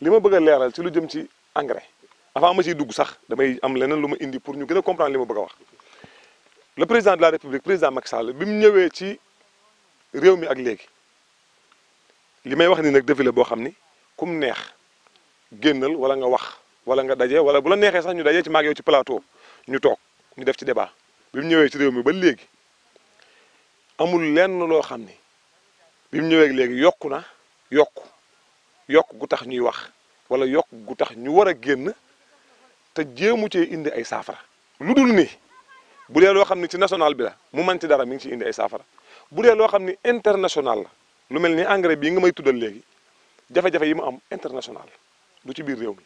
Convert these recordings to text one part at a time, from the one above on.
li ma bëgg a leeral ci lu jëm ci engrais avant ma ciy dugg sax damay am leneen lu ma indi pour ñu gën a comprendre li ma bëgg a wax le président de la république président Macky Sall bi mu ñëwee ci réew mi ak léegi li may wax ni nag défilé boo xam ni ku mu neex génnal wala nga wax wala nga daje wala bu la neexee sax ñu dajee ci maag ci plateau ñu toog ñu def ci débat bi mu ñëwee ci réew mi ba léegi amul lenn loo xam ni bi mu ñëwee léegi yokku na yokk yok gu tax ñuy wax wala yok gu tax ñu wara genn te jëmu ci indi ay safara lu ham ni bu dee loo xam ci national bi la mu man ci dara mi ngi ci indi ay safara bu dee loo international la lu melni ni engrais bi nga may tuddal léegi jafe-jafe yi mu am international du ci bir réew mi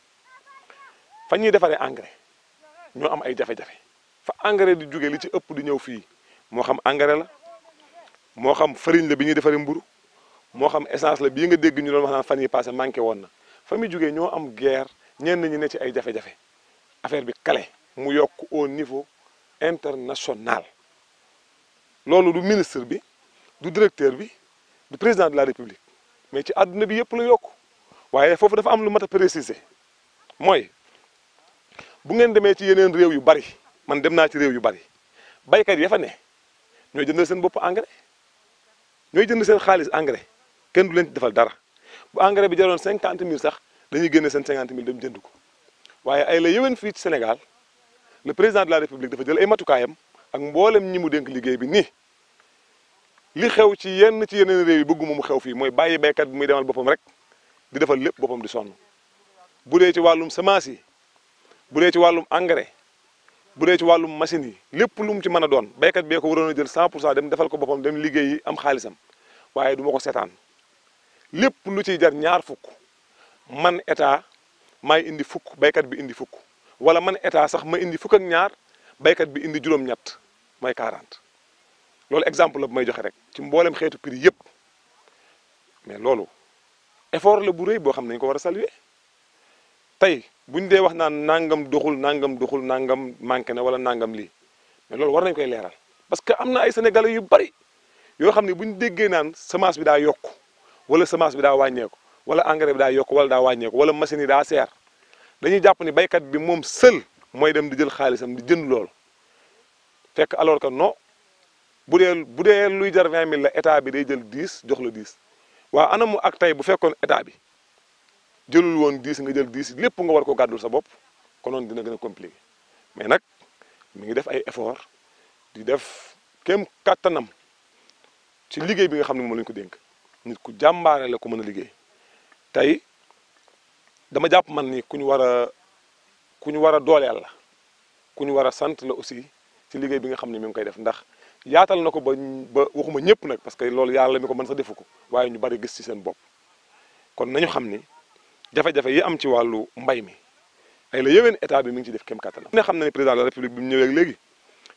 fa ñuy défaré engrais ñu am ay jafe-jafe fa engrais di li ci ëpp di ñëw fi mo xam engrais la mo xam farine la bi ñuy défaré mburu moo xam essence la bii nga dégg ñu doon wax naan fan yi passé manqué woon na fa mu jugee ñoo am guerre ñenn ñi ne ci ay jafe-jafe affaire bi kale mu yokk au niveau international loolu du ministre bi du directeur bi du président de la république mais ci àdduna bi yëpp la yokk waaye foofu dafa am lu mat a préciser mooy bu ngeen demee ci yeneen réew yu bari man dem naa ci réew yu bari baykat ya fa ne ñooy jëndal seen bopp engrais ñooy jënd seen xaalis engrais kenn du leen defal dara bu engrais bi jaroon cinquante mille sax dañuy génne seen cinquante mille dem jënd ko waaye ay la yëwen fii ci Sénégal le président de la république dafa jël ay matukaayam ak mboolem ñi mu dénk liggéey bi nii li xew ci yenn ci yeneen réew yi bëgguma mu xew fii mooy bàyyi béykat bi muy demal boppam rek di defal lépp boppam di sonn bu dee ci wàllum semence yi bu dee ci wàllum engrais bu dee ci wàllum machine yi lépp lu mu ci mën a doon béykat bee ko waroon a jël 100 pour cent dem defal ko boppam dem liggéey am xaalisam waaye du ko seetaan lépp lu ci jar ñaar fukk man état maay indi fukk baykat bi indi fukk wala man état sax ma indi fukk ak ñaar baykat bi indi juróom-ñett may 40 loolu exemple la bu may joxe rek ci mboolem xeetu prix yëpp mais loolu effort la bu rëy boo xam ne dañu ko war a saluer tey bu dee wax naan nangam doxul nangam doxul nangam manqué na wala nangam lii mais loolu war nañ koy leeral parce que am na ay sénégalais yu bari yoo xam ne bu déggee naan semence bi daa yokk. wala semence bi daa wàññeeku wala engrais bi daa yokk wala daa wàññeeku wala machine yi daa seer dañuy jàpp ni baykat bi moom seul mooy dem di jël xaalisam di jënd loolu fekk alors que no bu dee bu dee luy jar vingt mille la état bi day jël diis jox la dix waaw anamu ak tey bu fekkoon état bi jëlul woon dix nga jël dix lépp nga war ko gàddul sa bopp konoon dina gën a compliqué mais nag mi ngi def ay effort di def kéem kattanam ci liggéey bi nga xam ne moom la ñu ko dénk. nit ku jàmbaare la ko mën a liggéey tey dama jàpp man ni ku ñu war a ku ñu war a dooleel la ku ñu war a sant la aussi ci liggéey bi nga xam ne mi ngi koy def ndax yaatal na ko ba ba waxuma ñëpp nag parce que loolu yàlla mi ko mën sa defu ko waaye ñu bari gis ci seen bopp kon nañu xam ni jafe-jafe yi am ci wàllu mbay mi ay la yéwén état bi mu ngi ci def kéem kàttanam ne xam na ne président la république bi mu ñëwee léegi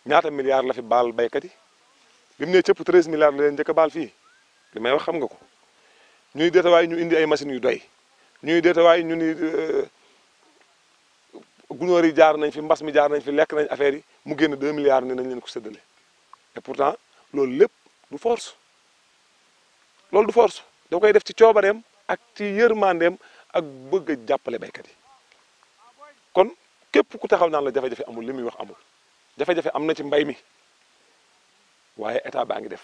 ñaata milliards la fi baal baykat yi bi mu nee cëpp 13 baal fii li may wax xam nga ko ñuy deetawaay ñu indi ay machines yu doy ñuy deetawaay ñu ni euh, gunóor yi jaar nañ fi mbas mi jaar nañ fi lekk nañ affaire yi mu génn 2 milliards ni nañ leen ko séddale et pourtant loolu lépp du force loolu du force da koy def ci coobareem ak ci yërmandeem ak bëgg a jàppale baykat yi kon képp ku taxaw naan la jafe-jafe amul li muy wax amul jafe-jafe am na ci mbay mi waaye état baa ngi def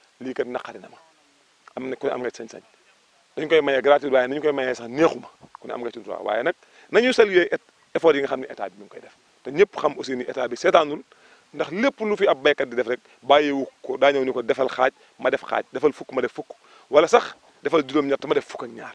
lii kat naqari na ma am na ku ne am nga sañ-sañ dañ koy maye gratuit waaye nañu koy mayee sax neexuma ku ne am nga ci droit waaye nag nañu saluer effort yi nga xam ne état bi mi ngi koy def te ñëpp xam aussi ni état bi seetaanul ndax lépp lu fi ab baykat di def rek bàyyiwu ko daa ñëw ni ko defal xaaj ma def xaaj defal fukk ma def fukk wala sax defal juróom-ñett ma def fukk ak ñaar